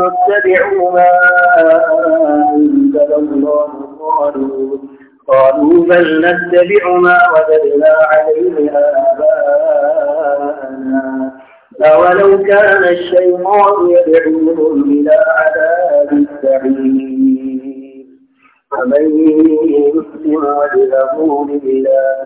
واتبعوا ما أنزل الله قالوا قالوا بل نتبع ما وجدنا عليه آباءنا أولو كان الشيطان يدعوهم إلى عذاب السعير فمن يسلم وجهه لله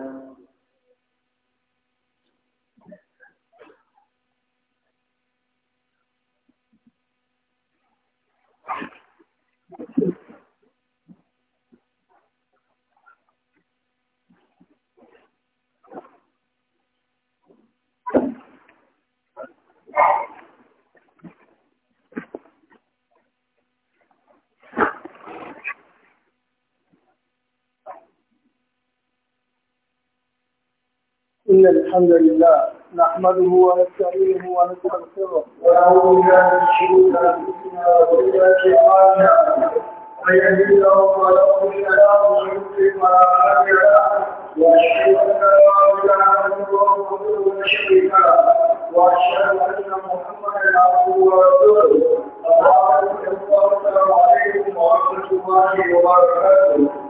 إن الحمد لله نحمده ونستعينه ونستغفره ونعوذ بالله من شرور انفسنا وسيئات اعمالنا من يهده الله فلا مضل له ومن يضلل فلا هادي له واشهد ان لا اله الا الله وحده لا شريك له واشهد ان محمدا عبده ورسوله اللهم صل وسلم عليه ورحمه الله وبركاته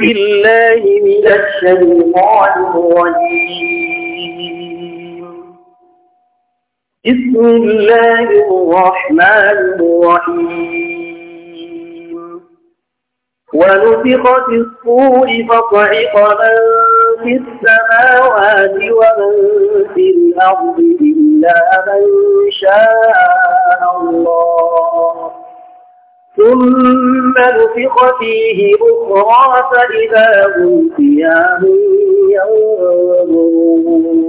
بالله من الشيطان الرجيم بسم الله الرحمن الرحيم ونفق في الصور فصعق من في السماوات ومن في الأرض إلا من شاء الله ثم نفخ فيه أخرى فإذا هم قيام ينظرون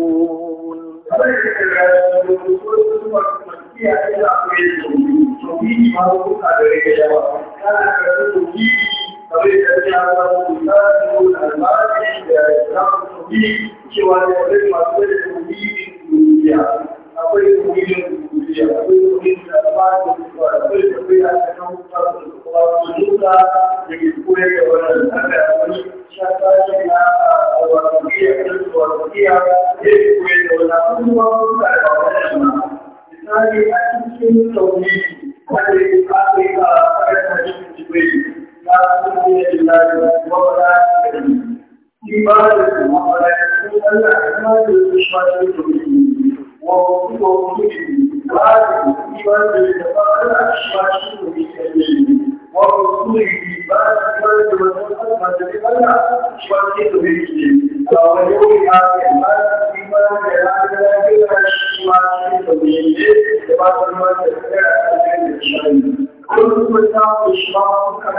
Yeah. akwai kungiyar kungiyar akwai kungiyar da ba da kuma akwai tafiya da duka da ke koyar da wannan haka wani shafa shi na wakiliya da 我如果出去，一般一般是什么？一般去什么一些东西？我出去一般一般就是什么？什么什么的？一般去什么一些？然后就给他简单，一般简单简单就是一般去什么一些？一般什么什么什么什么什么什么。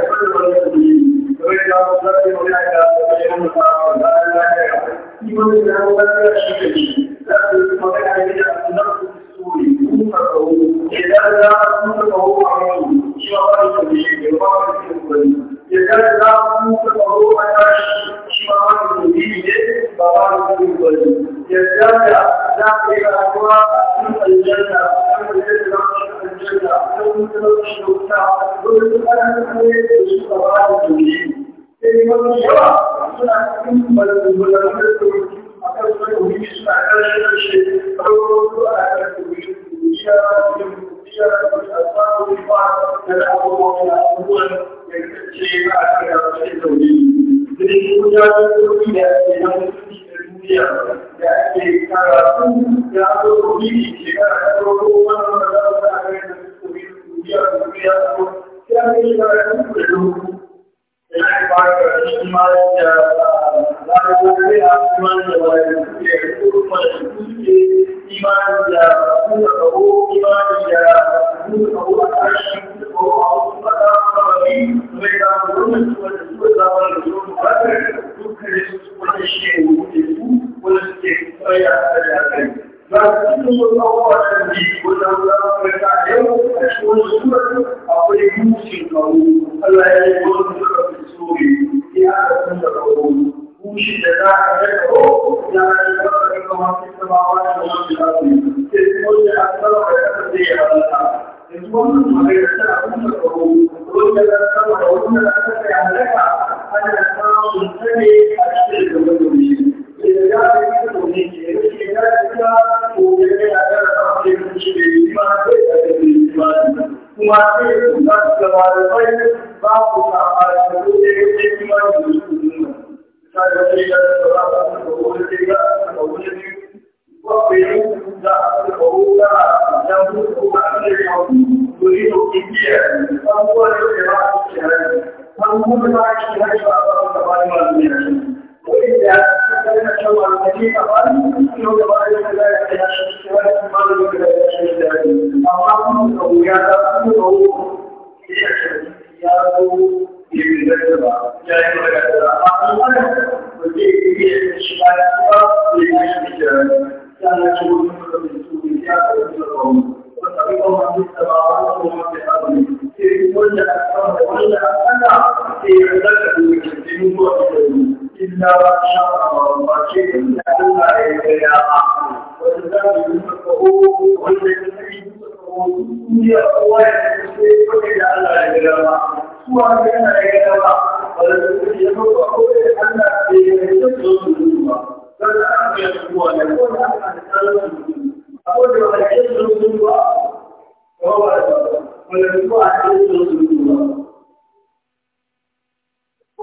shi da za a daga hukunta da ya zama da kuma cikin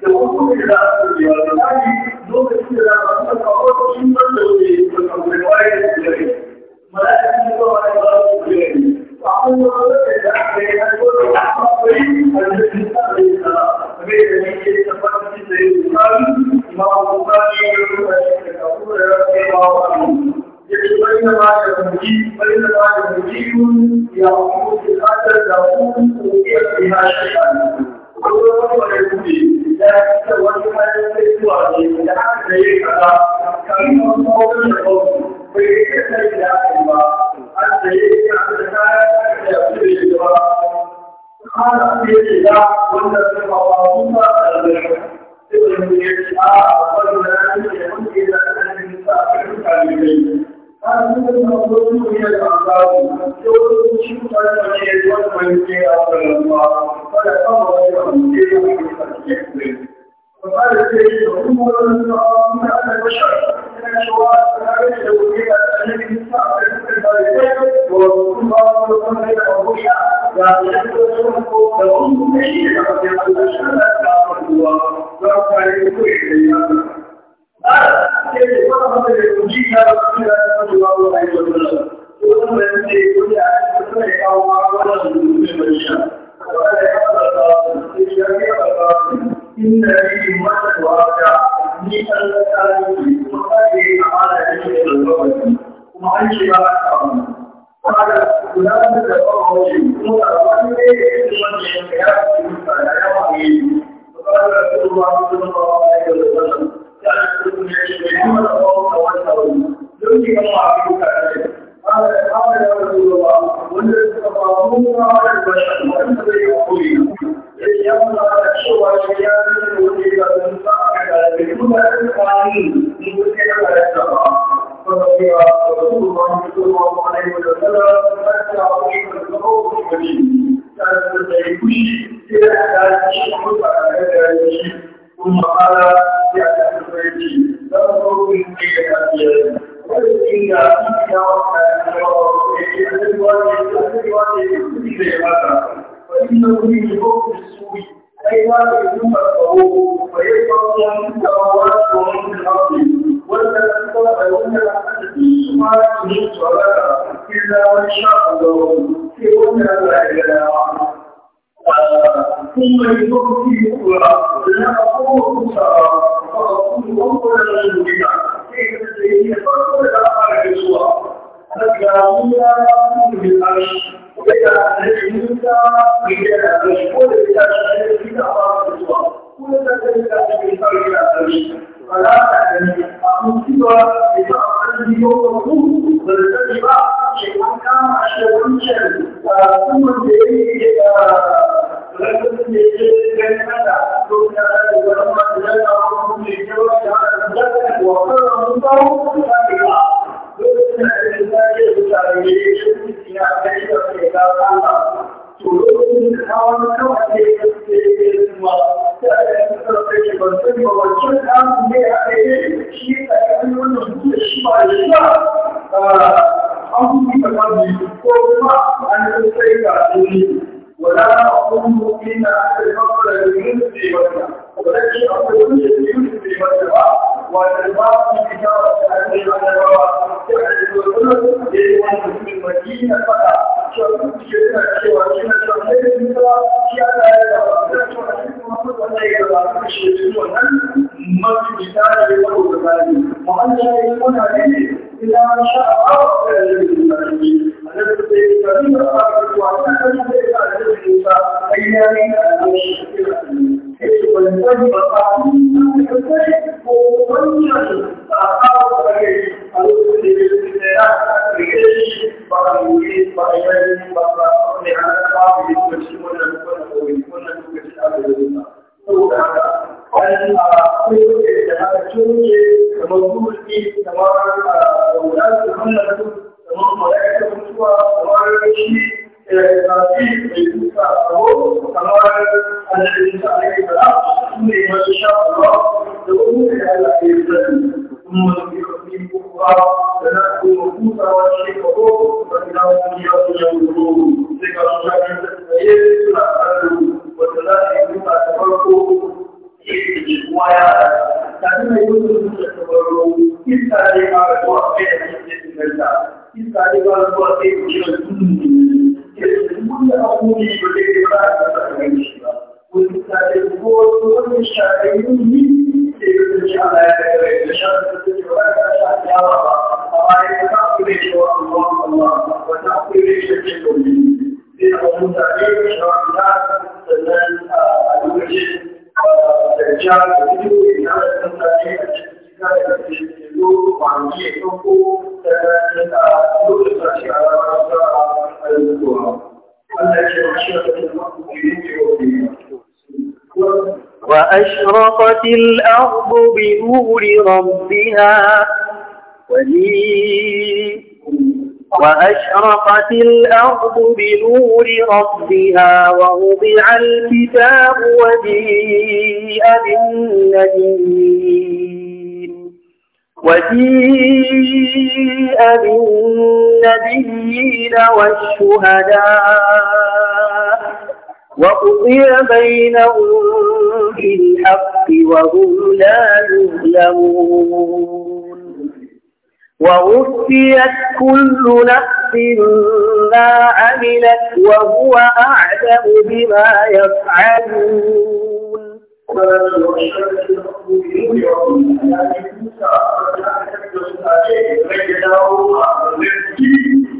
da da za lokacin da sun waye ba ba ba yi da a yi na dole da a da su ta da ya yi da shi ya ya ce ya 我做我的生意，现在是我喜欢的水果。你还可以看到，看到好多的猴子，每天在干什么？还可以看到人家在钓鱼，是吧？看到人家，我在吃火锅，听到什么？这个是其他，我原来在问别人，别人不知道，别人不知道。他这个都是些长沙的，都是青春那些纯真啊的人啊，大家看到非常年轻非常健康。我们这里有东方的，你看那个帅哥，你看帅哥，你看那个大眼睛，看那个帅哥，东方的，你看那个姑娘，你看那个东方的姑娘，你看那个帅哥，你看那个姑娘，你看那个帅哥，你看那个姑娘。وأشرقت الأرض بنور ربها ولي وأشرقت الأرض بنور ربها ووضع الكتاب وجيء بالنبيين وجيء بالنبيين والشهداء وقضي بينهم بالحق وهم لا يظلمون ووفيت كل نفس ما عملت وهو أعلم بما يفعلون Thank you.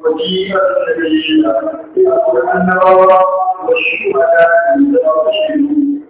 Wajiyar da ya shi da, ya kuwa annawa wa shi wa ta ɗan da ba shi ne.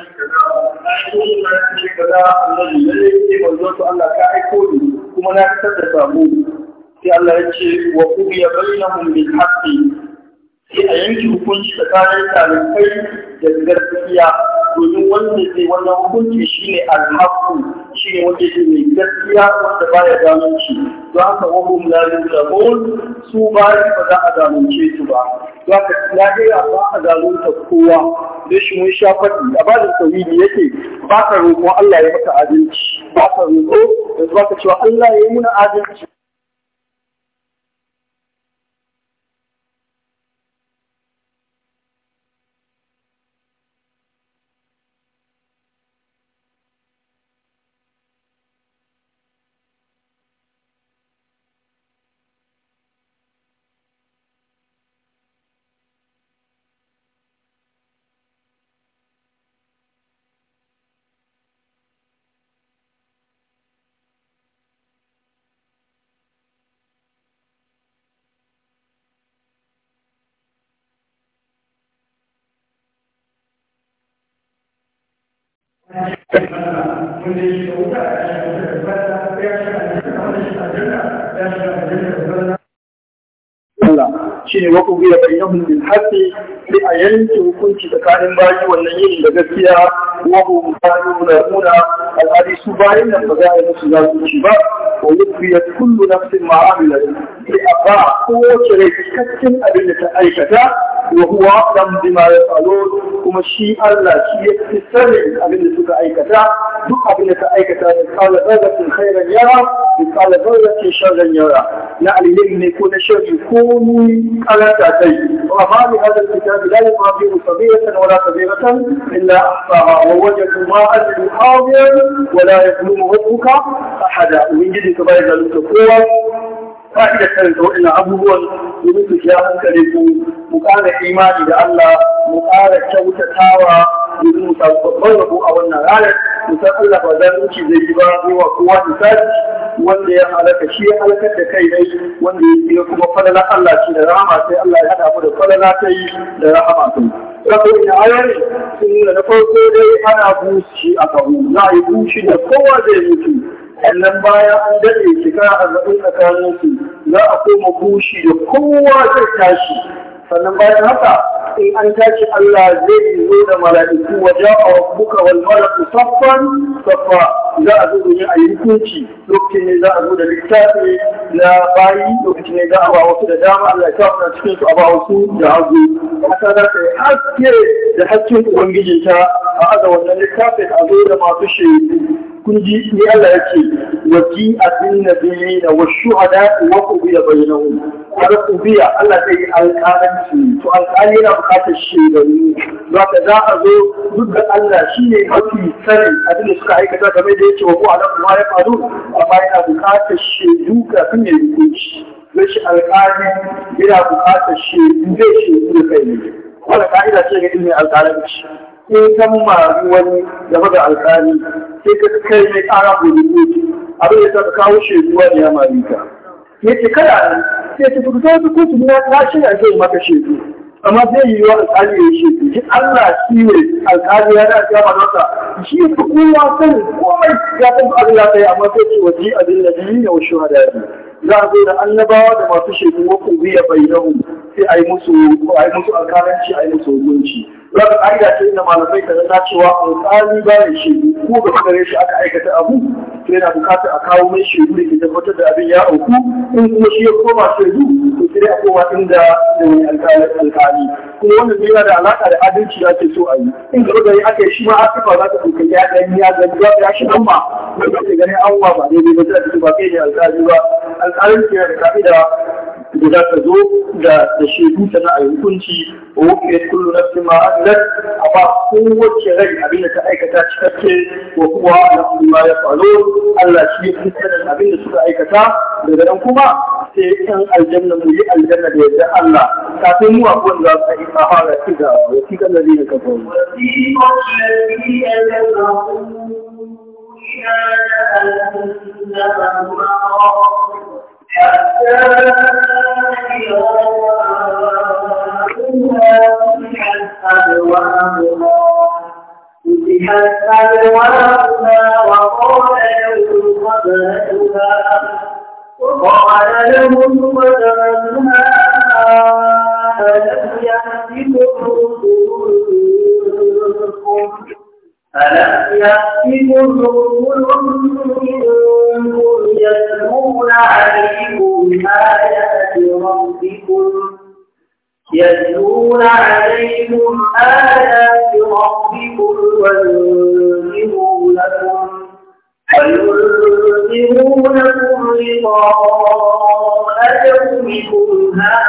faɗa annabi lalle ne manzo to Allah ka aiko ni kuma na fitar da sabo sai Allah ya ce wa ya bainahum bil haqqi sai a yanki hukunci tsakanin talibai da gaskiya domin wanda zai wannan hukunci shine al-haqqu shi ne wanda yake mai gaskiya wanda baya zalunci don haka wahum la yuzlamun su bayi ba za a zalunce su ba don haka lahira ba a zalunta kowa da shi mun sha faɗi a bada tawili yake ba ka roƙo Allah ya maka adalci ba ka roƙo da ba ka cewa Allah ya yi muna adalci wanda ya shiga wuta ya shiga ya shiga ya shiga shi ne waƙo biya bayyahun bil haqqi bi a yanke hukunci tsakanin bayi wannan yin da gaskiya wa hum yu'minuna alhadi su bayin nan ba za a yi musu zalunci ba wa yufiyat kullu nafsin ma amilat a ba kowace rai cikakken abin da ta aikata wa huwa lam bima yafalun kuma shi Allah shi ya fi sani abin da suka aikata duk abin da ka aikata da kala zarratin khairan yara da kala zarratin sharran yara na alheri ne ko na sharri ko ni karanta kai wa ma li hadha alkitab la yuqadiru sabiratan wala sabiratan illa ahsaha wa wajadu ma ajru hadiran wala yadhlumu rabbuka ahada ubangiji ka bai zalunta kowa fa'ida karanta waɗannan abubuwan domin su sha hankali ku mu ƙara imani da Allah mu ƙara kyautatawa domin mu samu babban rabo a wannan ranar mu san Allah ba wuce zai yi ba kowa kowa misali wanda ya halaka shi ya halakar da kai dai wanda ya kuma falala Allah ce da rahama sai Allah ya haɗa mu da falala ta yi da rahama ta yi. Rabbin da ayari sun nuna na farko dai ana bushi a kawo za a yi bushi da kowa zai mutu sannan bayan an daɗe a arba'in tsakaninsu za a koma bushi da kowa zai tashi sannan bayan haka in an tashi Allah zai zo da mala'iku wa ja'a rabbuka wal malaku saffan saffa za a zo domin a yi hukunci lokacin ne za a zo da littafi na bayi lokacin ne za a ba wasu da dama Allah ya sa cikin su a ba wasu da hagu haka za ta yi haske da hakkin ubangijinta a aza wannan littafin a zo da masu shaidu kun ji ni Allah ya ce waji abin nabiyina wa shuhada wa qubiya bainahum wa qubiya Allah zai yi alƙalan. to alƙali yana buƙatar shekaru za ka za a zo duk da Allah shi ne mafi sanin abin da suka aikata game da yake wa ko alaƙa ma ya faru amma yana buƙatar shekaru kafin ya yi hukunci shi alƙali yana buƙatar shekaru zai shekaru da kai ne wanda ka'ida ce ga ilimin alƙalanci in kan ma wani game da alƙali sai ka kai mai ƙara gobe abin da ta kawo shekaru wani ya mari ka. ya ce kada ne sai ta fito ta kuci na tashi a zai maka shekaru, amma zai yi wa alƙali ya shedu shi Allah shi ne alƙali ya dace ma nasa shi ku kowa san komai ya san abin da kai amma sai ce waje abin da ji ne wa za a zo da annabawa da masu shekaru wa ku biya bainahum sai a yi musu a yi musu alƙalanci a yi musu hukunci za ka ƙa'ida ta inda malamai ka na cewa alƙali ba ne shi ko ga kare shi aka aikata abu Sai yana bukatar a kawo mai shaidu da ke tabbatar da abin ya auku in kuma shi ya koma shaidu to sai a koma inda da wani alƙali kuma wannan zai yana da alaƙa da adalci za ce so a yi in gaba gari aka yi shi ma aka ba za ta ɗauka ya gani ya gani ba ya shi ɗan ma wanda ke ganin an wa ba daidai ba ta ba kai ne alƙali ba alƙalin ke da ka'ida da za ka zo da da shaidu ta na hukunci wa wukiyar kullu na ma amlat a ba kowace rai abin da ta aikata cikakke wa kuwa na kuma ya falo Allah shi ya fitar abin da suka aikata daga nan kuma sai ɗan aljanna mu yi aljanna da yadda Allah kafin mu abuwan za su yi a fara ci da wasiƙan da zai da kafa. Wasiƙan da zai حتى وقال لهم ألم ألم يأتيكم رسل يتلون عليكم آيات ربكم وينذروا لكم وينذروا لكم لقاء هذا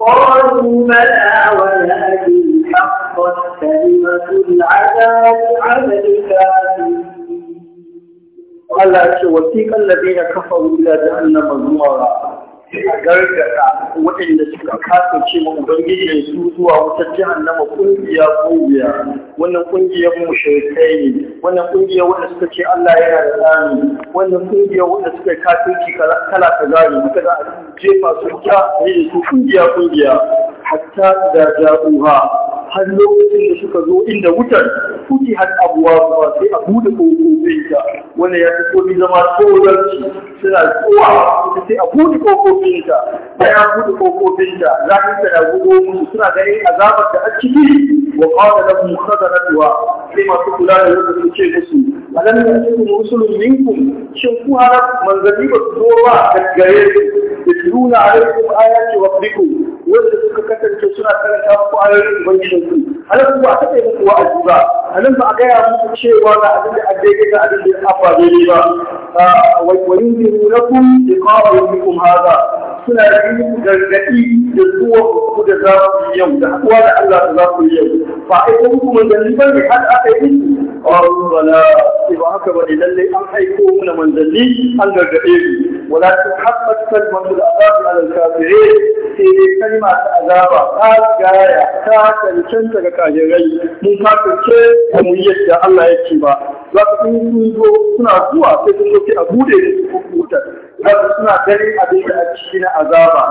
قالوا بلى ولكن حقت كلمة العذاب على الكافرين قال وثيق الذين كفروا إلى جهنم زمرا gargaɗa waɗanda suka kasance ma ubangijin su zuwa wutar jahannama kungiya kungiya wannan kungiyar mushrikai ne wannan kungiyar wanda suka ce Allah yana da tsani wannan kungiyar wanda suka yi kafirci kala ka ne muka za a jefa su ta ne su kungiya kungiya hatta da ja'uha har lokacin da suka zo inda wutar fuki har abuwa ba sai a bude kofofin ta wanda ya fito ni zama tsoron suna zuwa sai a bude kofofin haƙoƙinta da ya buɗe ƙoƙofinta zafinta da gudu musu suna ganin azabar da a ciki wa ƙawar da mu khazanatuwa sai masu kula da yadda su ce musu alam ya ce mu musulun minkum shin ku hana manzanni ba su zo ba daggare da tiluna alaikum ayati rabbikum wanda suka kasance suna karanta muku ayoyin ubangijinku alam ba ta kai muku wa'azi ba alam ba a gaya muku cewa ga abin da an daidai ga abin da ya ba daidai ba وينذرونكم لقاء يومكم هذا suna yi muku gargaɗi da zuwa ku da za ku yi yau da haɗuwa da Allah da za ku yi yau ba a aiko kuma manzanni ba ne har aka yi ƙwararru bala sai ba haka ba ne lallai an aiko mana manzanni an gargade mu wala ta haɓar kalmar da azabi alal kafirai sai dai kalma ta azaba ta gaya ta cancanta ga kajirai mun kafirce da mu yadda Allah ya ce ba za ku yi suna zuwa sai kun zo a bude da su kuta za suna ganin abin da ake shi na azaba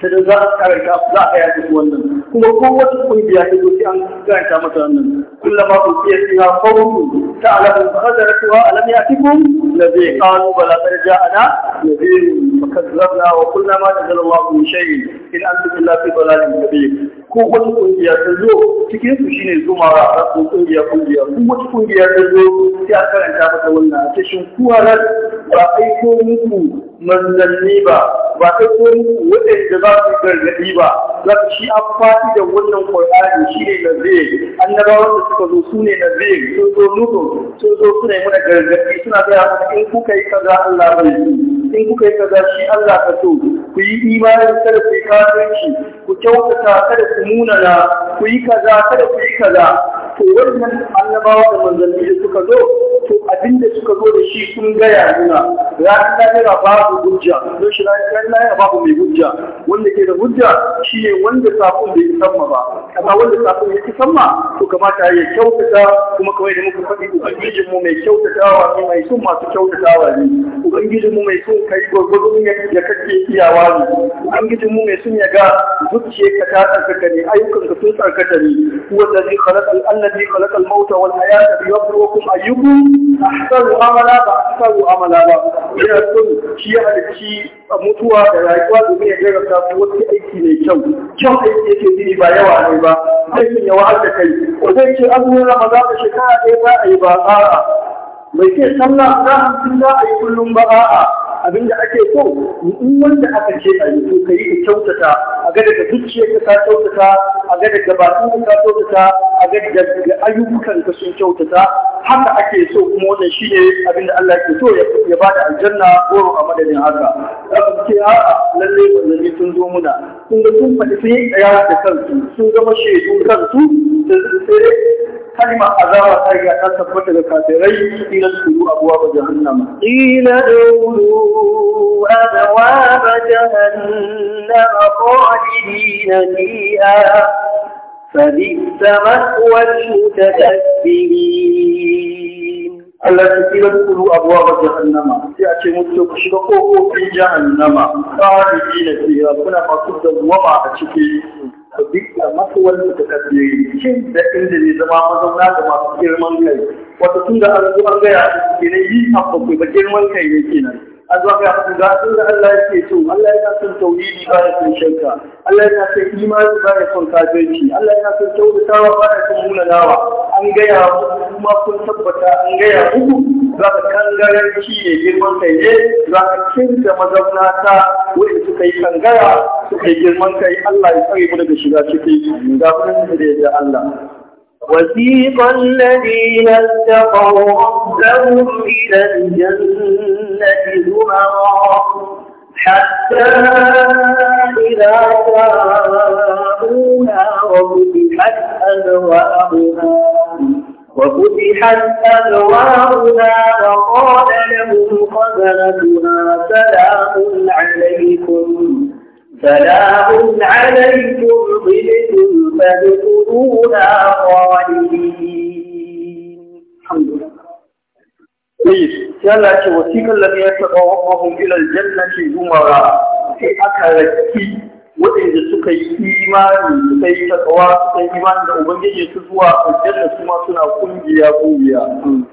ta da za a karanta za a yaƙi wannan kuma ko wata ƙungiya ta doki an karanta mata wannan kullum ma kun iya fiha qawmun ta alamun khadaratuha alam yatikum ladhi qalu bala qad ja'ana nadhirun fakazzabna wa kullama nazala Allahu min shay'in in antum illa fi dhalalin kabir ko wata kungiya ta zo cikin su shine zuma a ko kungiya kungiya ko wata kungiya ta zo sai a karanta mata wannan ta shin kuwa ba aiko muku manzanni ba ba aiko muku waɗanda za su gargadi ba za su shi an fati da wannan Qur'ani shi ne nazir annabawan da suka zo su ne nazir sun zo nuhu sun zo suna yi mana gargaɗi suna gaya mana in kuka yi kaza Allah bai in kuka yi kaza shi Allah ka so ku yi imanin kada ku yi kafirci ku kyautata kada ku ku munana ku yi kaza kada ku yi kaza to wannan annabawa da manzanni da suka zo to abin da suka zo da shi sun gaya nuna ranar lahira babu hujja don shi ranar ya babu mai hujja wanda ke da hujja shi ne wanda sakon bai samma ba amma wanda sakon ya samma to kamata ya kyautata kuma kawai da muka faɗi ubangijin mu mai kyautatawa ne mai sun masu kyautatawa ne ubangijin mu mai sun kai ne ya kake iyawa ne mu mai sun ya ga zuciyarka ta tsaka ne ayyukan ka sun tsarkaka ne huwa alladhi khalaqa alladhi khalaqa al-mauta wal hayata liyabluwakum ayyukum ahsanu amala ba ahsanu amala ba ina son shi ya mutuwa da rayuwa domin ya jarrabta ku wasu aiki mai kyau kyau aiki yake biri ba yawa ne ba aikin ya wahal da kai ko zai ce azumin ramadan da shekara ɗaya za a yi ba a'a bai ce sallah za a yi kullum ba a'a Abin da ake so in wanda aka ce a yi ka yi ka kyautata a ga daga zuciyarka ka kyautata a ga daga bakin ka kyautata a ga daga ayyukan ka sun kyautata haka ake so kuma wannan shi ne, abin da Allah ke so ya ba da aljanna goro a madadin haka za ku ce a'a lalle ne sun zo muna kun ga sun faɗi sun yi tsaya da kansu sun gama shaidu kansu sai kalmar azaba ta riga ta tabbata da kafirai ila suru abuwa ba jahannama ila dawlu abwab jahannama qalidina fiha فبئس مثوى المتكبرين Allah ta kira kuru abuwa ba jahannama sai a ce mutu ku shiga kofofin jahannama tsari ne da fiya kuna masu dawwama a ciki ku dika masuwar da ta kafiyoyi cin da inda ne zama mazauna da masu girman kai wata tun da an zuwa gaya ke na yi a abu ba girman kai ne kenan an zuwa gaya ku ga tun da Allah yake so Allah yana son tauhidi ba ya son shanka, Allah yana son imani ba ya son kafirci Allah yana son kyautatawa ba ya son munanawa an gaya muku kuma kun tabbata an gaya muku za ka kangaranci ya girman kai ne za ka mazauna ta wani suka yi kangara suka yi girman kai Allah ya tsare mu daga shiga ciki ga mun da ya Allah وسيق الذين اتقوا ربهم إلى الجنة زمرا حتى إذا جاءوها وفتحت أبوابها وفتحت أبوابنا وقال لهم خزنتها سلام عليكم سلام عليكم ضئتم فادخلونا خالدين الحمد لله طيب يلا وسيق الذين يتقومهم إلى الجنة زمرا في أكلت waɗanda suka yi imani suka yi takawa suka yi imani da ubangiji su zuwa aljanna da kuma suna kungiya kungiya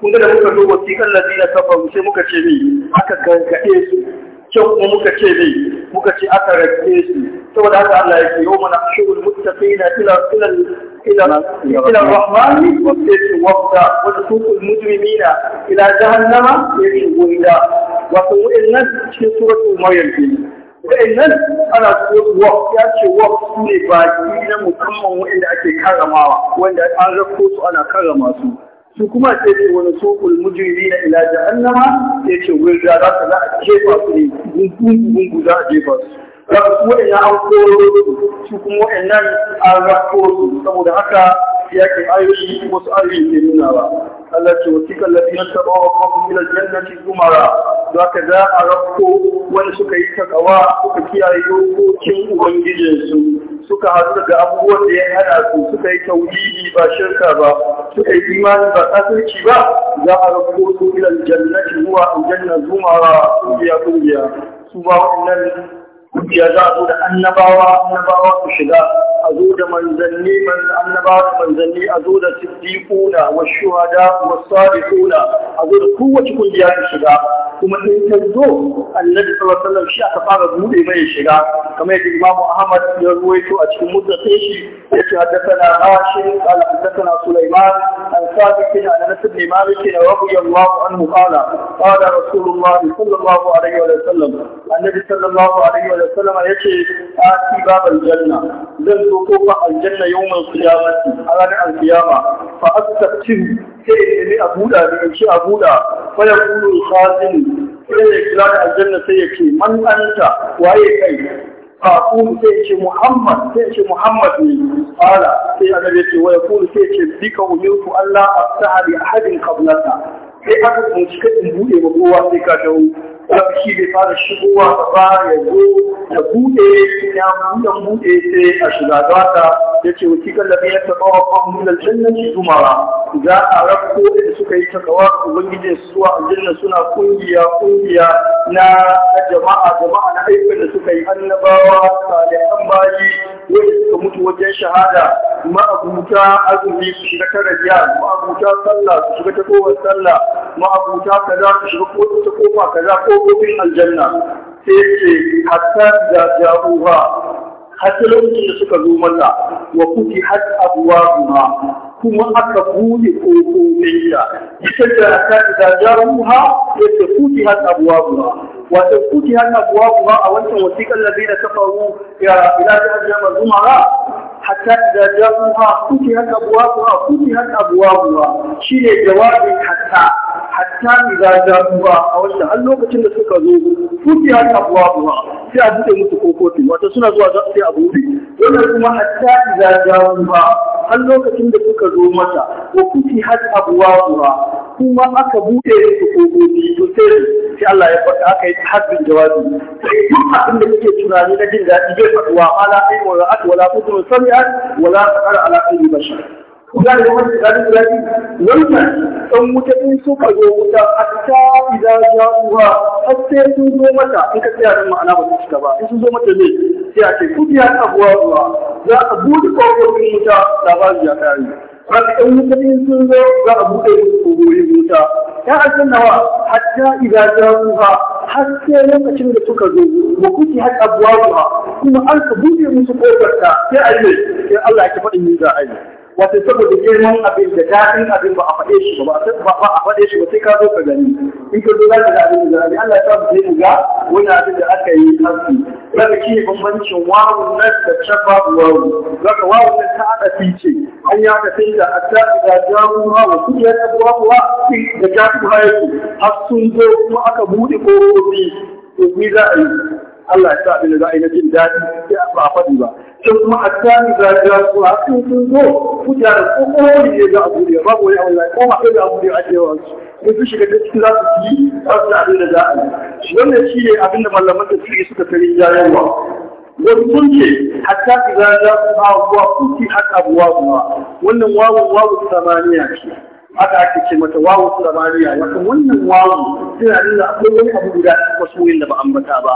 kun ga da muka zo wasiƙan ladina kafaru sai muka ce ne aka gargaɗe su can kuma muka ce ne muka ce aka rage su saboda haka Allah ya ce yawma nahshurul muttaqina ila ila ila ila rahmani wa sayyi wafda wa tuqul mujrimina ila jahannama yashghuna wa qul inna fi suratul maryam wa'annan ana wa ya ce wa ne baki na musamman wa'anda ake karamawa wanda an rako su ana karama su su kuma sai ce wani sokul mujrimi na ila jahannama sai ce wirda za ka za a jefa su ne gungun gungu za a jefa su ga su an koro su su kuma wa'annan an rako su saboda haka siyakin ayoyi wasu ayoyi ne nuna ba Allah ce wasu kallafi na taɓa wa kafin gidan jannati zumara za ka za a rafko wani suka yi takawa suka kiyaye dokokin ubangijinsu suka haɗu daga abubuwan da ya haɗa su suka yi tauhidi ba shirka ba suka yi imani ba kafirci ba za a rafko su gidan jannati zuwa aljanna zumara kungiya kungiya su ba waɗannan ya za a zo da annabawa annabawa su shiga a zo da manzanni annabawa da manzanni a zo da siddiquna wa shuhada wa sadiquna a zo da kowace kungiya su shiga kuma in ta zo annabi sallallahu alaihi wasallam shi aka fara bude mai shiga kamar yadda imam ahmad ya ruwaito a cikin mutsatsai shi yace haddathana hashim qala haddathana sulaiman an sabiq an anas ibn malik radiyallahu anhu qala qala rasulullahi sallallahu alaihi wa sallam annabi sallallahu alaihi wa wasallam ya ce ati babal janna zan zo ko fa yau mai qiyamati a ranar alqiyama fa astaqim sai ni a buɗa ni shi a buɗa. fa yaqulu khazin sai ya kira da aljanna sai ya ce man anta waye kai fa qulu sai ce muhammad sai ce muhammad ne qala sai annabi ya ce wa yaqulu sai ce bika umirtu allah astahli ahadin qablaka sai aka kunci kai in bude ba kowa sai ka dawo wanda shi bai fara shigowa ba ba ya zo ya buɗe ya buɗe buɗe sai a shiga da ya ce wata kallabi ya taɓa wa kwamun da jannati zumara za a rafko da suka yi takawa ubangijin zuwa aljanna suna kungiya kungiya na jama'a jama'a na aikin da suka yi annabawa salihan bayi wanda suka mutu wajen shahada ma'abuta azumi su shiga ta rajiyar ma'abuta sallah su shiga ta kowar sallah ma'abuta kaza su shiga ko ta kofa kaza kofofin aljanna sai ce hatta da ja'uha hatalauci da suka zo mata wa kuki har abuwa kuma kuma aka buɗe kofofinta ita da ta da jaruha yadda kuki har abuwa kuma wato kuki hat abuwa kuma a wancan wasiƙar da zai da ta faru ila da hajjama zumara hatta da damuwa kuke haka buwabuwa kuke haka buwabuwa shi ne jawabin hatta hatta da za damuwa a wasu har lokacin da suka zo kuke haka buwabuwa sai a buɗe musu kokofi wata suna zuwa za su yi a buɗe wannan kuma hatta mi za damuwa har lokacin da suka zo mata wa kuke haka buwabuwa kuma aka buɗe su kogobi to sai sai Allah ya faɗa aka yi harbin jawabi sai duk abin da kuke tunani na jin daɗi bai faɗuwa ala ai wa ra'at wala udrun sami'a النار ولا خطر على قلب بشر وقال لهم الذي الذي لما أن متقين سوف يومتا حتى إذا جاءوها حتى يسوزوا متى إنك سيارة معنا بالمشتبه يسوزوا متى ليه سيأتي فتحت أبوابها لا أبود قوة من متى لا غازي يا haka ɗan mutane sun zo za a buɗe musu kogoyin wuta ya aljanna wa hatta idan jaruha har sai lokacin da suka zo wa kuti har abuwa kuma an ka buɗe musu kofar sai a yi sai Allah ya faɗin yin za a yi saboda girman abin da daɗin abin ba a faɗe shi ba ba a faɗe shi ba sai ka gani in ka zo za za Allah sa mu sai wani abin da aka yi aski zaka shi bambancin wawu na da babu wawu zaka wawu na ta ada fice an ya ka sai da hatta da jamu ha wa kiyar da wawu da jamu ha yake har sun zo kuma aka bude korofi to ni za a yi Allah ya sa abin da za a yi na jin daɗi sai ba a faɗi ba sai kuma a tsani za a jira su a cikin sun zo ja da ko wani ya ga abu buɗe ba ko ya wallahi ko ma sai da a buɗe a cewa su sai su shiga cikin za su yi za su abin da za a yi wannan shi ne abin da malaman da suke suka sani jayarwa Wani sun ce hatta idan za su hawa kuki haka buwa buwa wannan wawon wawon samaniya ce haka ake ce mata wawu turabariya wata wannan wawu suna nuna akwai wani abu guda cikin wasu wurin da ba ambata ba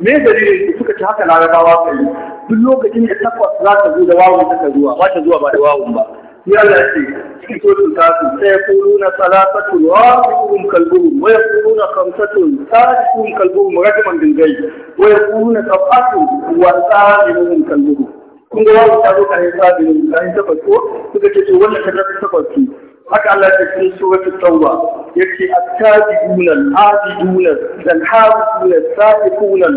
me dalilin da suka ci haka larabawa ka yi duk lokacin da takwas za ta zo da wawun ta zuwa ba ta zuwa ba da wawun ba ya ce cikin sosin tasu sai ya kuru na salatatun wa kurun kalbun wa ya kuru na kamsatun salisun kalbun rajiman dingai wa ya kuru na kafatun wa tsarin kalbun kun ga wawun ta zo kan yi tsarin kan yi takwas ko suka ce wannan ta zafi takwas haka Allah ta cikin suratul tauba yace at-tajiduna al-ajiduna al-harifuna as-safiquna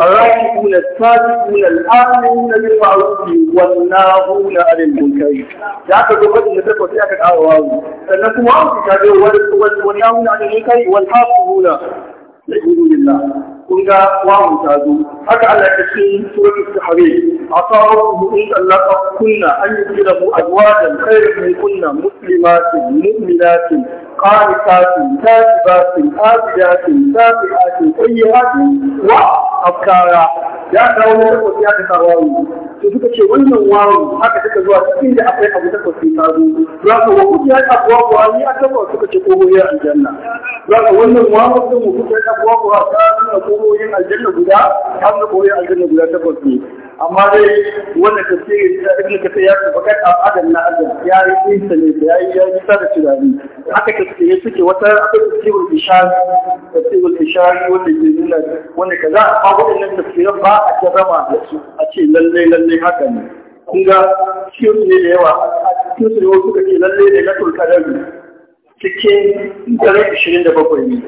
الراكبون السابقون الآمنون بالمعروف والناهون عن المنكر ذاك الوقت اللي تكون فيها كالأعوام فإنكم عارفين كانوا والناهون عن المنكر والحافظون da izinillah kun ga wawun ta zo haka Allah ya ce suratul tahri asahu in allaka kunna an yi yujira mu azwajan khairan min kunna muslimatin mu'minatin qanitatin katibatin abidatin sabiatin sayyiatin wa afkara ya kawo wata ya ta kawo to suka ce wannan wawan haka suka zuwa cikin da akwai abu takwas sai ta zo za ka wa kuɗi har kuwa ni a takwas suka ce aljanna za ka wannan wawan ɗin mu kuɗi har abuwa kuwa ta aljanna guda har na kogoyin aljanna guda takwas ne amma dai wannan tafsiri ibn kathir ya tafi a abadan na adam ya yi insa ne ya yi ya yi sada tunani haka tafsiri suke wata akwai tafsirul da tafsirul ishari wanda ke nuna wanda kaza amma waɗannan tafsiran ba a jarraba da su a ce lallai lallai haka ne kun ga cikin ne da yawa a cikin su ne wasu suka ce lallai ne na turkarar cikin dare ashirin da bakwai ne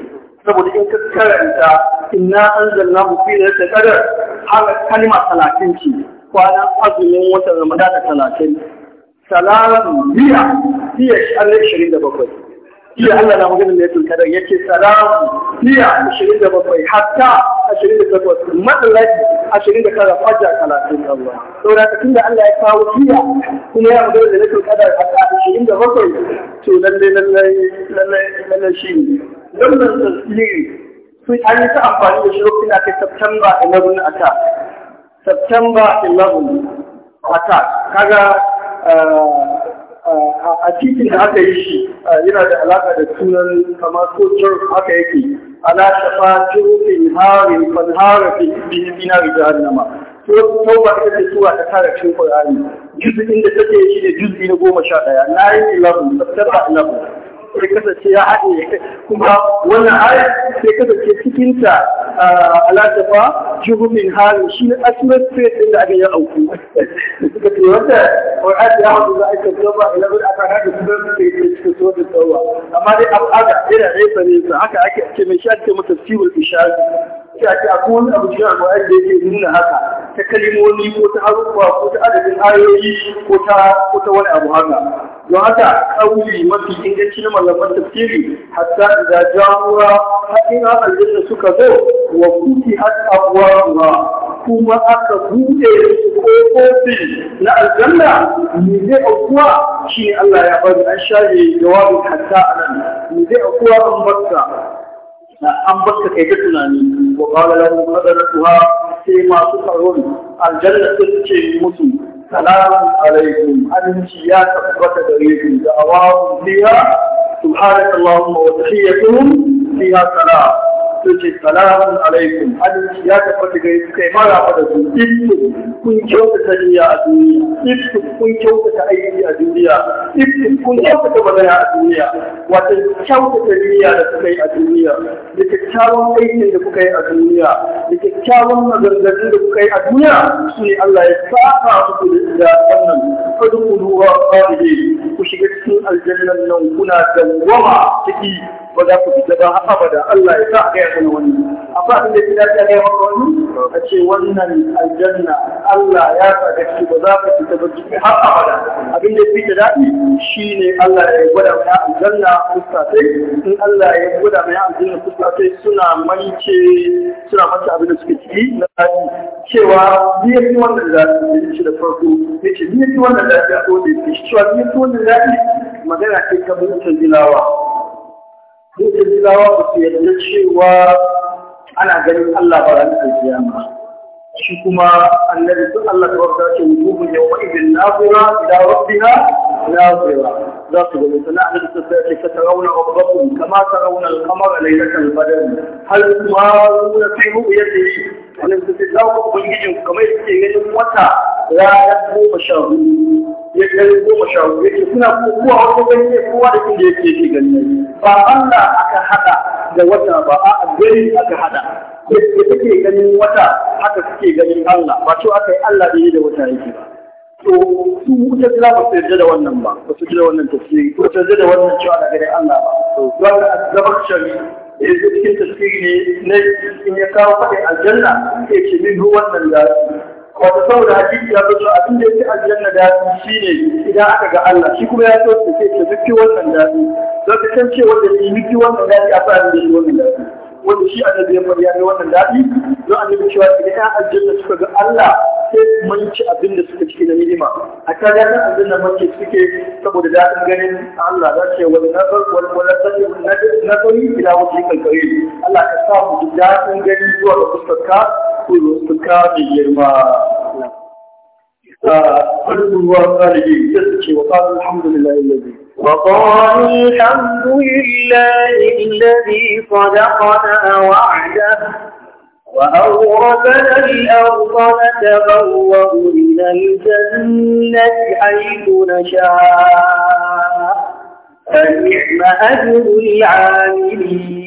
saboda in ka karanta inna anzalna mu fi da kadar kalma talatin ce kwanan azumin watan ramadana talatin Salam! biya biya Allah ishirin da bakwai biya Allah na magana ne tulkadar ya ce salam! biya ishirin da bakwai hatta ashirin da takwas matsalaci ashirin da tara fajar talatin Allah saboda ka tunda Allah ya kawo biya kuma ya magana da ne tulkadar hatta ashirin da bakwai to lallai lallai lallai lallai shi ne wannan tasiri sun an yi ta amfani da shi lokacin kai September 11 attack September 11 attack kaga eh, eh, a titin da aka yi shi eh, yana da alaka da sunan kamar kotar haka yake ala shafa turufin harin fanhara fi bihimina da jahannama ko tauba ita ce sura ta tara cikin Qur'ani juz'in da take shi ne juz'i na yi 9 11 September 11 sai kasance ya haɗe kuma wannan ayat sai kasance cikin ta alatafa juhumin halin shi ne asirar sai din da aka yi auku suka ce wanda qur'an ya haɗu za a kanta ba ila bin aka haɗe su da sai ta cikin suwar da tsawa amma dai abu aga ina ɗaya tsare sa haka ake ce mai shi ake masa siwul Ta ce a akwai wani abu cikin alƙur'an da yake nuna haka ta kalimomi ko ta harufa ko ta adadin ayoyi ko ta wani abu haka don haka ƙauri mafi inganci na malaman tafsiri hatta idza ja'uha hakina aljanna suka zo wa futihat abwabuha kuma aka buɗe kofofi na aljanna Ni zai aukuwa shi Allah ya bari an shaye jawabin hatta anan Ni zai aukuwa an barka an baka kai ta tunani wa qala lahum qadaratuha sai masu tsaron aljanna sun ce musu salamun alaikum aminci ya tabbata da ku da awawun ya? سبحانك اللهم وتحيتهم فيها سلام sai ce salamun alaikum hadisi ya tabbata gare ku kai mara fada su ittu kun kyautata niyya a duniya ittu kun kyautata aiki a duniya ittu kun kyautata magana a duniya wato kyautata niyya da kuka yi a duniya da kyakkyawan aikin da kuka yi a duniya da kyakkyawan maganganun da kuka yi a duniya su ne Allah ya saka muku da wannan fadkuluha qadihi ku shiga cikin aljannan nan kuna dawwama ciki ba za ku fita ba abada Allah ya sa a kai wannan akwai abin da ya dace ga maka a ce wannan aljanna Allah ya saka shi ba za ka fita ba cikin har abada abin da yake daɗi shine Allah ya gwada mana aljanna fuska in Allah ya gwada mana aljanna fuska sai suna mance suna mance abin da suke ciki na daɗi cewa ni ya fi wannan daɗi ya shi da farko ya ce ni ya fi wannan daɗi a kowace cewa ni ya fi wannan daɗi magana ce ta mutum jilawa Mu'tazilawa ba su yarda cewa ana ganin Allah ba ran kiyama. Shi kuma annabi sun Allah ta warka ce wujuhun yawma idin nazira ila na nazira. za su gani sana a nufin sai ce ka tarauna rabbakum kama tarauna al-qamar laylatal badr hal ma ruuna fi ru'yatihi wannan sai za ku ubangijin kamar yake ganin wata ranar goma sha hudu ya kai goma sha hudu yake suna kowa wata ganye kowa da inda yake yake ganye ba Allah aka hada da wata ba a gari aka hada da take ganin wata haka suke ganin Allah ba to aka yi Allah da yi da wata yake ba to su wuce za ba su yarda da wannan ba ba su yarda da wannan tafsiri ko su yarda da wannan cewa na gare Allah ba to wannan azabar shari da yake cikin tafsiri ne na in ya kawo faɗin aljanna sai ce min ruwan nan da wata saboda hakiki ya zo abin da yake aljanna da shi ne idan aka ga Allah shi kuma ya so su ce ce miki wannan da zaka san cewa da miki wannan da ya fara da wannan da Wani shi annabi ya murya ne wannan daɗi don annabi cewa idan ƴan aljanna suka ga Allah sai manci abin da suka ciki na ni'ima a ta ga ɗan aljanna manci suke saboda daɗin ganin Allah za ce wani nazar wani wani nazari ila wani kankare Allah ka sa mu ji daɗin gani zuwa ga fuskarka ko fuskarka mai girma. فقلت الله خالدين تسكي وقال الحمد alhamdulillah الذي وقالوا الحمد لله الذي صدقنا وعده وأورثنا الأرض نتبوأ من الجنة حيث نشاء فنعم أجر العاملين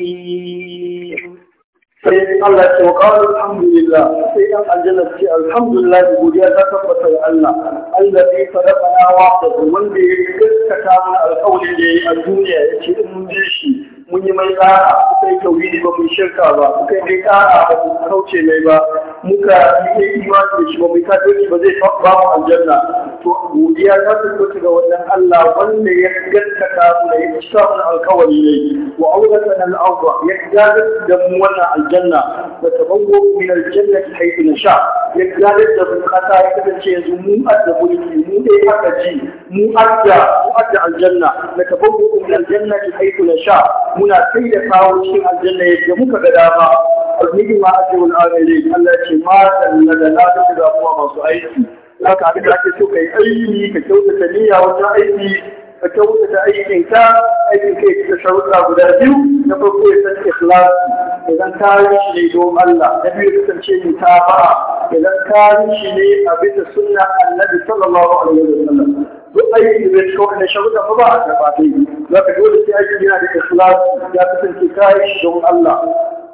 sai Allah ce wa alhamdulillah sai dan aljanna ce alhamdulillah godiya ta tabbatar Allah. Allah Allah bai sadaqana wa da wanda ya gaskata mana alƙawarin da yi a duniya ya ce, in mun ji shi mun yi mai tsara kuka yi ne ba mun shirka ba kuka yi mai tsara ba mu kauce mai ba muka yi imani da shi ba mai kafirci ba zai ba mu aljanna to godiya za ta fito ga wajen Allah wanda ya gaskata mu da ya cika mana alkawari ne wa awratana al-ardh ya gadar da mu wannan aljanna wa tabawwa min al-jannati haythu nasha ya gadar da mu kasa ya kasance yanzu mu adda mulki mu dai aka ji mu adda mu adda aljanna wa tabawwa min al-jannati haythu nasha muna sai da kawo cikin aljanna yadda muka ga dama alhikma ajrul amilin Allah ya ce ma dalla da lafiya ga kuma masu aiki ka abin da ake so ka yi aiki ka kyautata niyya wata aiki ka kyautata aikin ka aikin kai ka sharuɗa guda biyu na farko ya san ikhlasi idan ka yi shi ne don Allah na biyu kasance ni ta ba idan ka yi shi ne a bisa sunna annabi sallallahu alaihi wasallam duk aiki da shi wanda sharuɗa ba da karɓa yi za ka dole sai aiki yana da ikhlasi ya kasance ka shi don Allah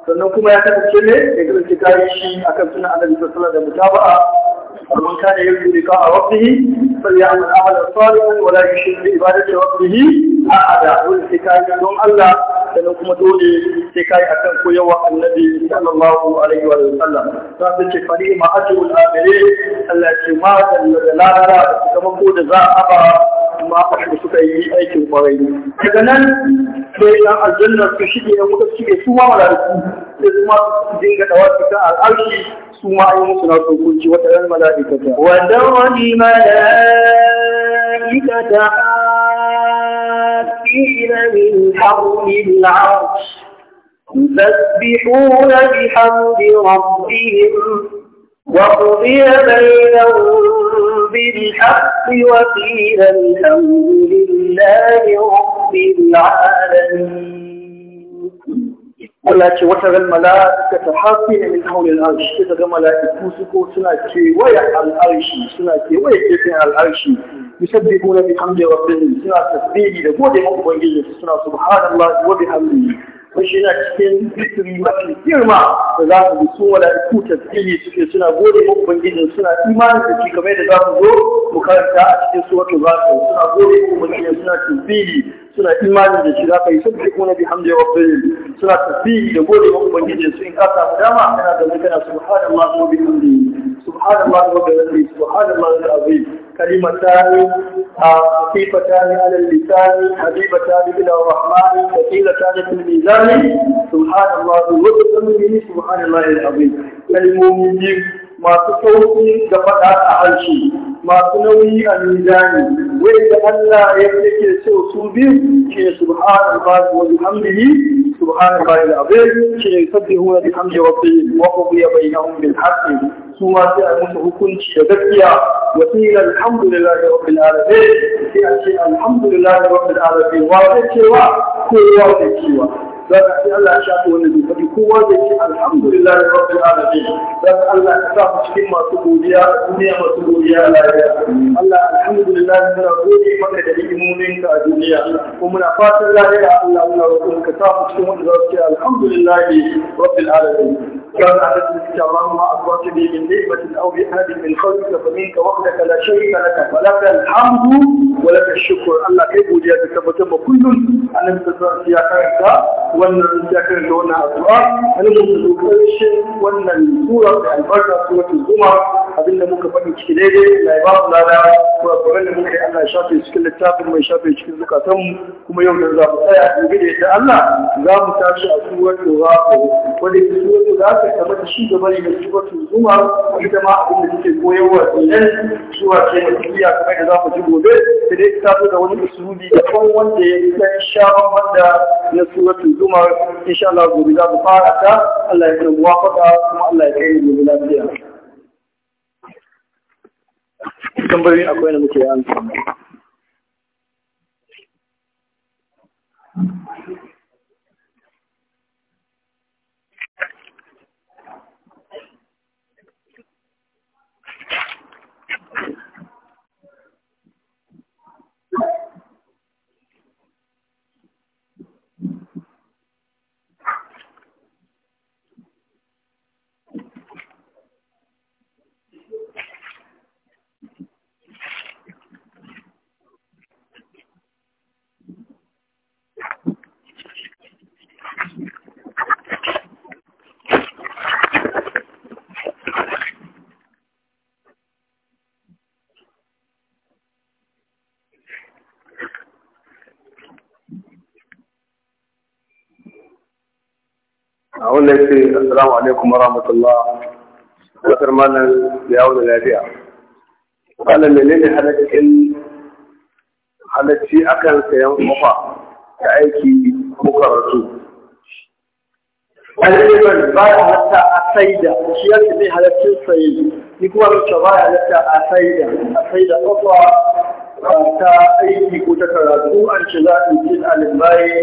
sannan kuma ya kasance ne ya kasance ka shi akan sunna annabi sallallahu alaihi wasallam da mutaba'a ومن كان يرجو لقاء ربه فليعمل عملا صالحا ولا يشرك بعبادة ربه أحدا والحكاية يوم الله sannan kuma dole sai kai akan koyarwa annabi sallallahu alaihi wa sallam za su ce fari ma ajrul amiri Allah ce ma da lalala da su kama ko da za a ba ma da suka yi aikin kwarai daga nan sai dan aljanna su shige da muka shige su ma malaiku sai su ma dinga dawa cikin al'arshi su ma yi musu na tsokoki wata ran mala'ikata wa dawani mala'ikata الحافين من حول العرش يسبحون بحمد ربهم وقضي بينهم بالحق وقيل الحمد لله رب العالمين Allah ce wata ran mala'ika ta hafi ne min haulin arshi sai ga mala'iku suko suna kewaye al'arshi suna kewaye gefen al'arshi yusabbihuna bi hamdi rabbihim suna tasbihi da gode ma ubangiji suna subhanallahi wa bihamdihi shi na cikin zikiri mafi girma da za su bi sun wala ku tasbihi suke suna gode ma ubangiji suna imanin da shi kamar yadda za su zo mu karanta a cikin suratul zafir suna gode ma ubangiji suna tasbihi suna imani da shi za ka yi sun fi kuna bi hamdi suna tafi da gode wa ubangiji su in ka samu dama kana da magana subhanallahi wa bihamdi subhanallahi wa bihamdi subhanallahi alazim kalimatani خفيفتان على اللسان حبيبتان الى الرحمن ثقيلتان في الميزان سبحان الله وبحمده سبحان الله العظيم masu sauƙi ga faɗa a harshe masu nauyi a mizani wai da Allah ya yake so su biyu shine subhanallahi wa bihamdihi subhanallahi al-azim shine sabbihuna bihamdi rabbihim wa qudiya bainahum bil haqqi su ma sai a musu hukunci da gaskiya wa qila alhamdulillahi rabbil alamin sai a ce alhamdulillahi rabbil alamin wa cewa kowa da cewa za ka sai Allah ya shafi wannan bai faɗi kowa zai ce alhamdulillah da rabbil alamin za Allah ya sa mu cikin masu godiya duniya masu godiya a lafiya Allah alhamdulillah muna gode maka da ni'imomin ka a duniya kuma muna fatan lafiya Allah muna roƙon ka sa mu cikin wanda za su ce alhamdulillah rabbil alamin كان على ذلك اللهم أكبرت بي من نعمة أو بأحد من خلقك فمنك وحدك لا شريك لك ولك الحمد ولك الشكر الله كيف وجدت كما تم كل أن تزرع سياقك wannan ya da wannan addu'a an yi musu karshen wannan sura da albarka suratul zuma abinda muka faɗi ciki daidai na ba mu lada kuma da muka yi Allah ya shafe cikin littafin mai shafe cikin zukatan kuma yau da za mu tsaya gobe da Allah za mu tashi a suratul Wani wanda ke za ka kamar shi gaba bari da suratul zuma ita ma abinda take koyarwa idan sura ce da tafiya kamar da za ji gobe sai dai ta da wani usulubi da wanda ya san shawar wanda na suratul Umar insha Allah gobe za mu fara ta Allah ya kuma wafaka kuma Allah ya kai mu gobe lafiya tambayoyi akwai da muke amsa a ya ce assalamu alaikum wa rahmatullah kasar malam ya wuni lafiya malam menene halaccin halacci akan sayan kofa ta aiki ko karatu alifin ba ya halatta a saida shi yadda zai halaccin sayi ni kuma mace ba ya halatta a saida a da kofa ta aiki ko ta karatu an ce za a yi cin alimbaye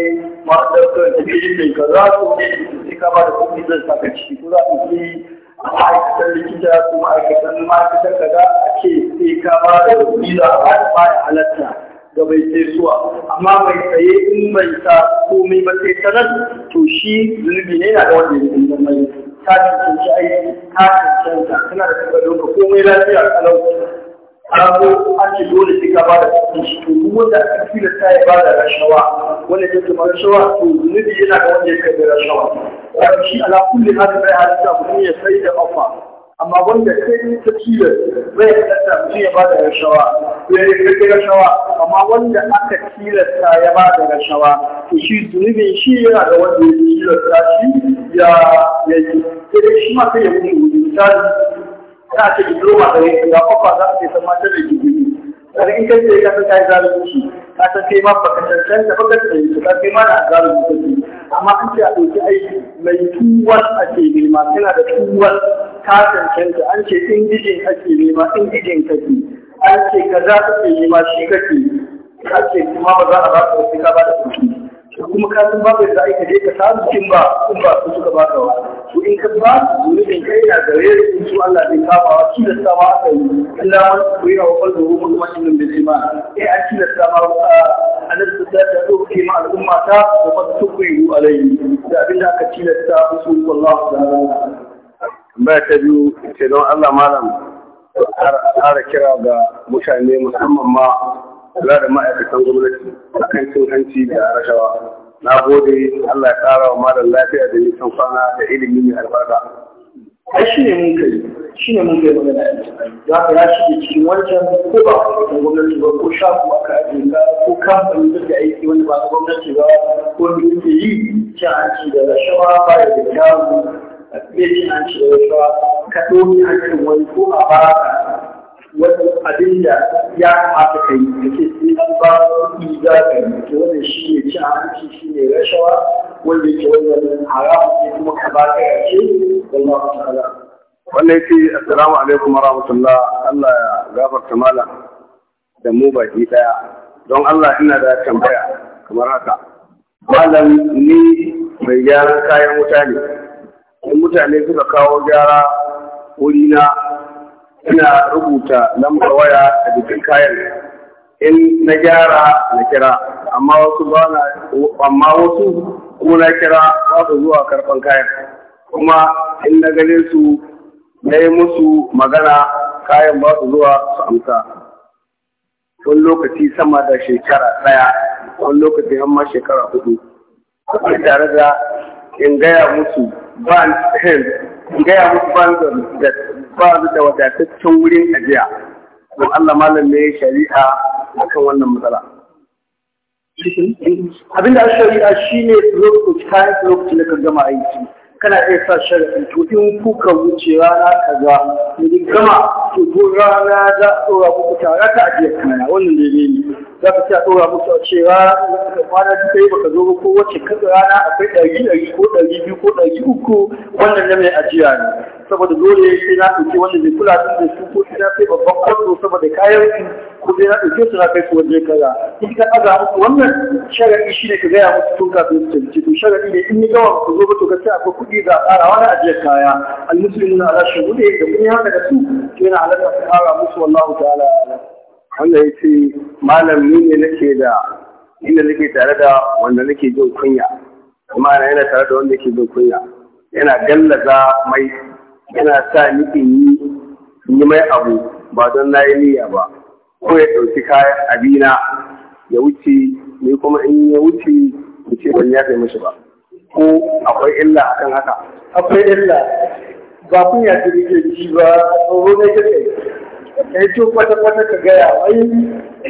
ma ɗaukar da ke mai kaza ko ne sai ka ba da kuɗi zan saka ciki ko za a ɗauki ma'aikatan likita ko ma'aikatan ma'aikatan kaza a ce sai ka ba da kuɗi za a ba da halatta ga bai sai suwa amma mai tsaye in bai sa komai ba sai sanar to shi zunubi ne na da wanda ya yi mai ta cancanci aiki ta cancanta tana da tabbatar da komai lafiya a an zo ce dole sai ka ba da da shi to duk wanda aka tilasta ya ba da rashawa wanda ya zama rashawa to zunubi yana da wanda ya karbi rashawa wanda shi ala kulli hali bai halitta mutum ya sai da ofa amma wanda kai ta tilasta bai halitta mutum ya ba da rashawa ya yi da rashawa amma wanda aka tilasta ya ba da rashawa to shi zunubin shi yana da wanda ya tilasta shi ya yi sai shi ma sai ya mutu misali ta ce diploma da ya kafa za a ce san mata da digiri kaga in ce ka san kai zalunci ka san kai ma baka san da baka san ka kai ma da zalunci amma an ce a ɗauki aiki mai tuwar ake nema tana da tuwar ka san an ce in indijin ake nema ka kake an ce kaza kake nema shi kake ka ce kuma ba za a ba ka ba da kuɗi da kuma ka san babu yadda aka je ka samu cikin ba in ba su suka baka wa to in ka ba su zunubin kai na gare su su Allah zai kama wa da sama aka yi illa man yi hawa qalbu hu kuma da zai ma eh an a ma su da ta ke ma al'umma ta wa ru alayhi da abin da aka tilasta su wallahi ta'ala ba ta biyu ce don Allah malam har kira ga mutane musamman ma kula da ma'aikatan gwamnati kan cin hanci da rashawa. Na gode Allah ya ƙara wa malam lafiya da nisan kwana da ilimi mai albarka. Ai shi ne mun kai, shi ne mun kai magana za ka ya shige cikin wancan ko ba ma'aikatan gwamnati ba ko shafu ka ajiye ka ko kamfani da ke aiki wani ba gwamnati ba ko ni ke yi cin hanci da rashawa ba da kyawu a cin hanci da rashawa ka ɗauki hancin wani ko a ba wani abin da ya kamata ka yi da ke sai an ba kuɗi za ka yi to wannan shi ne ci hanci shi ne rashawa wanda ke wannan haram ne kuma ka ba ka yace wallahu ta'ala wannan yake assalamu alaikum warahmatullah Allah ya gafarta malam da mu baki daya don Allah ina da tambaya kamar haka malam ni mai gyaran kayan wuta ne in mutane suka kawo gyara wurina ina rubuta lambar waya a jikin kayan in na gyara na kira amma wasu ba na amma wasu kuma na kira ba su zuwa karban kayan kuma in na gane su na yi musu magana kayan ba su zuwa su amsa wani lokaci sama da shekara ɗaya wani lokaci amma shekara hudu kuma tare da in gaya musu ban in gaya musu ban da ba su da wadataccen wurin ajiya don Allah malam ne shari'a akan wannan matsala abinda shari'a shine lokaci kayan lokaci na gama aiki kana iya sa sharaɗi to in kuka wuce rana kaza in gama to ko rana za a tsora kuka tara ta ajiyar kana wannan ne ne za ka sa ɗora musu a cewa kwana duka yi baka zo ko wacce kasa rana akwai ɗari ɗari ko ɗari biyu ko ɗari uku wannan na mai ajiya ne saboda dole sai na ɗauki wanda bai kula da su ko sai na kai babban kwallo saboda kayan su, ko sai na ɗauke su na kai su waje kaza in ka aza musu wannan sharaɗi shi ne ka gaya musu tun kafin su tafi to sharaɗi ne in ni gawa ku zo ba to ka sai akwai kuɗi za a ƙara wani ajiyar kaya al-musulmi na ala shugude da kun yi daga su yana halatta su ƙara musu wallahu ta'ala wanda ya ce malam ni ne nake da inda nake tare da wanda nake jin kunya amma na yana tare da wanda ke jin kunya yana gallaza mai yana sa ni in yi yi mai abu ba don na yi niyya ba ko ya ɗauki kayan abina ya wuce ni kuma in ya wuce in ce ban ya kai mashi ba ko akwai illa akan haka akwai illa ba kunya ta rike ji ba tsoro ne kai ka yi to kwata kwata ka gaya wai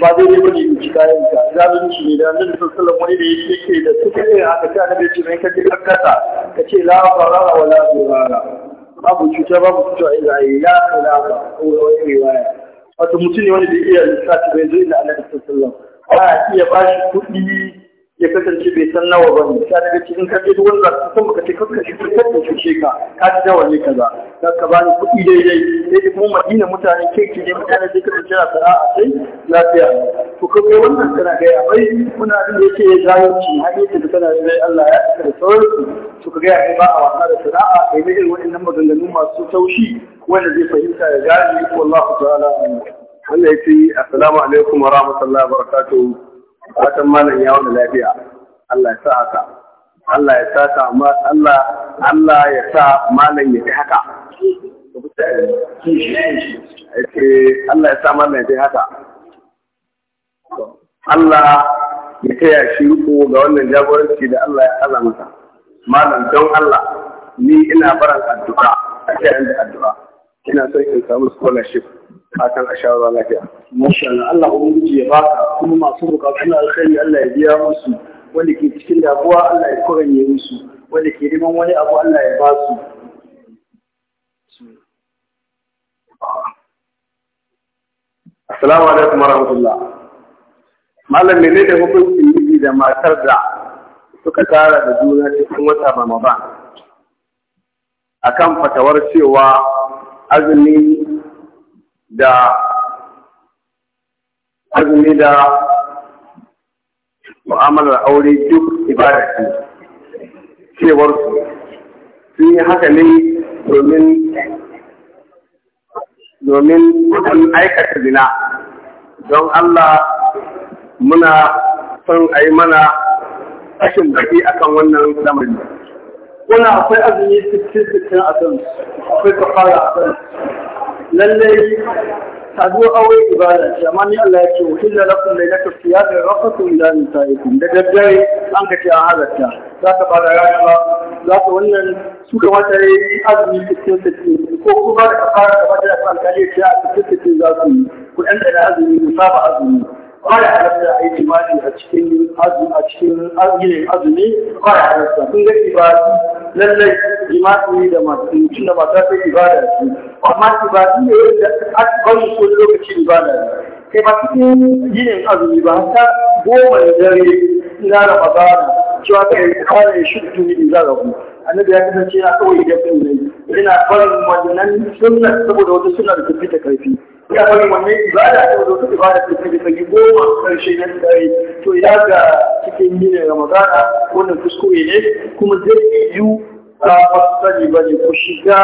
ba zai yi bane in ci kayan ka za mu ci ne da annabi sallallahu wani da ya yake ke da suka yi haka na annabi ce mai kaje kakkata ka ce la farara wala durara babu cuta babu cuta a yi ya khilafa ko wani riwaya wato mutum ne wani da iya lissafi bai zo inda annabi sallallahu alaihi wasallam ba iya bashi kuɗi ya kasance bai san nawa ba ne sai daga cikin kaje duk wanda ka san baka ce kanka shi fitar ka ka ji dawa ne kaza za ka bani ni kuɗi daidai sai da kuma madina mutane kirki ne mutane da kake jira sana'a sai lafiya to ka kai wannan kana ga ya bai muna da yake ya zalunci hadisi da kana da Allah ya aka da sauransu to ka ga ya ba a wasa da sana'a kai ne irin wannan maganganu masu taushi wanda zai fahimta ya gane wallahu ta'ala Allah ya ce assalamu alaikum wa rahmatullahi wa barakatuh fatan malam ya wani lafiya Allah ya sa haka Allah ya sa ta Allah Allah ya sa malam ya haka Allah ya sa malam ya haka Allah ya kai shi riko ga wannan jagoranci da Allah ya aza masa malam don Allah ni ina baran addu'a a da addu'a ina son in samu scholarship fatan a shawara lafiya masha Allah Allah ubangiji ya baka kuma masu bukatu na alkhairi Allah ya biya musu wanda ke cikin damuwa Allah ya koranye musu wanda ke neman wani abu Allah ya ba su Assalamu alaikum warahmatullah Malam ne da hukuncin miji da matar da suka tara da juna cikin wata Ramadan akan fatawar cewa azumin da azumi da mu'amalar aure duk ibada ce cewar su sun yi haka ne domin domin kudin aikata zina don Allah muna son a yi mana ashin baki akan wannan lamarin. Wani akwai azumi sittin a kan akwai kafara a kan lallai saduwar aure ibada ce amma ni Allah ya ce wa illa lakum laylatu siyami rafatu ila nisaikum da daddare an ga an halatta za ka fara rayuwa za ka wannan su kamata yayi azumi 60 ko kuma da kafara da wajen alƙali ya ce a 60 za su yi ku ɗan da azumi ku saba azumi baya halatta a yi limani a cikin azumi a cikin yanayin azumi baya halatta kun ga ibadu lallai limani da masu tun da mata ta ibada ce amma ibadu ne da aka bari ko lokaci ibada ne kai ba cikin yinin azumi ba ta goma da dare ina da magana cewa kai kare shi tun in za ga ku annabi ya kasance yana kawai da kun ne yana barin wannan sunan saboda wata sunna da ta fita karfi ya bari wannan ibada ta zo ta ibada ta sai ta yi goma karshe na dare? to ya ga cikin yin ramadana wannan kuskure ne kuma zai yiwu ta fasali bane ku shiga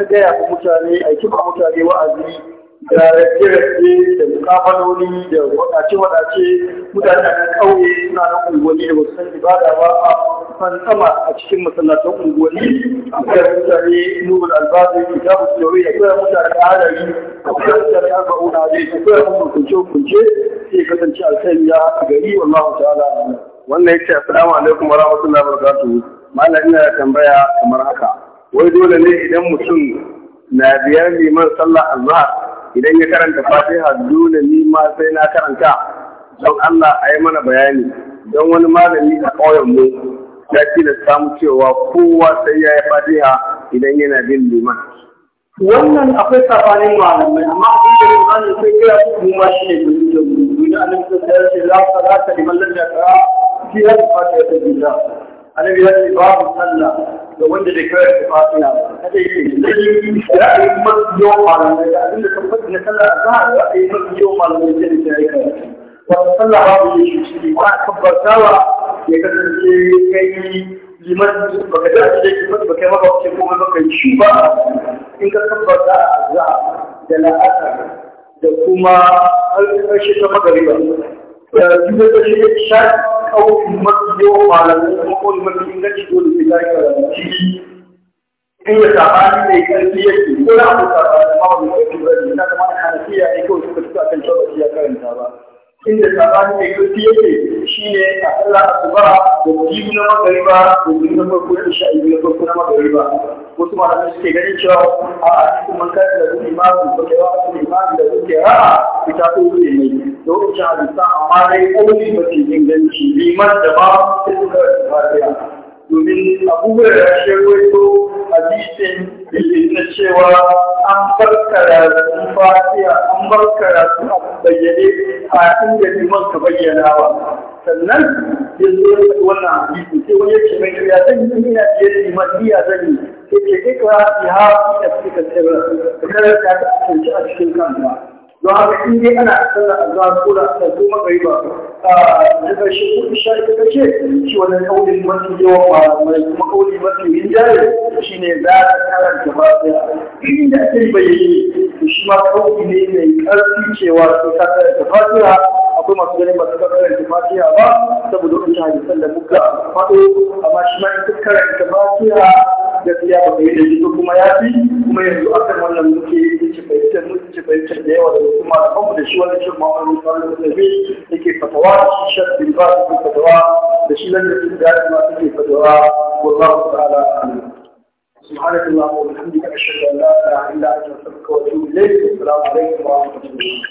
ta gaya mutane a kiba mutane wa'azi da rage-rage da mukabaloli da wadace-wadace mutane a ƙauye suna na unguwanni da wasu san ibada ba a san sama a cikin masallatan unguwanni a kan mutane nurul albazi kitabu sulawai da kuma mutane adari a kan mutane arba'una dai da kuma kunce-kunce, sai kasance alkhairi ya gari wallahu ta'ala wannan ya ce assalamu alaikum wa rahmatullahi wa barakatuhu malam ina da tambaya kamar haka wai dole ne idan mutum na biyar liman sallah azhar idan ya karanta fatiha dole ni ma sai na karanta don Allah a yi mana bayani don wani malami a ƙauyen mu ya da mu cewa kowa sai ya yi fatiha idan yana bin liman. Wannan akwai safanin malamai amma abin da limanin sai kira su ma shi ne gudu da gudu da annabi sai ya ce za ka za ka liman lafiya ka fiye da fatiha ta gudu annabi ya ce babu sallah ga wanda da kawai ta fatiha kada yi da yi mafi yawan malamai da abin da kan fasi na sallah za a ga yi mafi yawan malamai da ta yi karatu wata sallah babu yin shi ne, ba a tabbatawa ya kasance kai liman baka da da liman baka yi maka wace kuma baka yi shi ba in ka tabbata za da la'asa da kuma har ƙarshe ta magariba da duk da shi ya sha ƙaunin mafi yawan malamai kuma kowane mafi inganci dole sai ya yi karanci in ya sabani mai karfi yake ko na abu sabani ma wani karfi ba ne na zama a hanafiya ne kawai suka fito ya karanta ba inda sabani fiye gaske yake shine a Allah asuba da jibi na magariba da biyu na farko da sha biyu na farko na ba. wasu malamai suke ganin cewa a cikin man kan da zuwa ba. da kewa da imamu da zuwa kera fita ko ne ne da wuce hadisa amma dai kauli ba ke inganci liman da ba su suka ba. domin abubuwan da shi rawaito hadisin da cewa an bar sun fatiha an bar karatun abu bayyane a inda liman ka bayyana ba sannan ya zo da wannan hadisi sai wani yake mai ya zan yi ina biyar liman iya zan yi sai ce ikra ya fi nafsika sirra ka karanta ta a cikin kanta don haka in dai ana a sallar azhar ko da sallar ko magariba na karshe ko isha ita kace shi wannan kauli mafi yawan malamai kuma kauli mafi rinjaye shine za ta karanta ba daya in da ake bayyane shi ma kauli ne mai karfi cewa sai ka karanta fatiha akwai masu ganin ba su karanta fatiha ba saboda wancan hadisan da muka faɗo amma shi ma in ka karanta fatiha gaskiya ba kai da shi kuma ya fi kuma yanzu akan wannan muke ce fahimtar muke fahimtar da yawa da kuma da kanmu da shi wannan shi ma'amari sallallahu alaihi wasallam yake fatawa da shi shar bin ba su fatawa da shi nan da su da ma suke fatawa wallahu ta'ala سبحانك اللهم وبحمدك اشهد ان لا اله الا انت استغفرك واتوب اليك والسلام عليكم ورحمه الله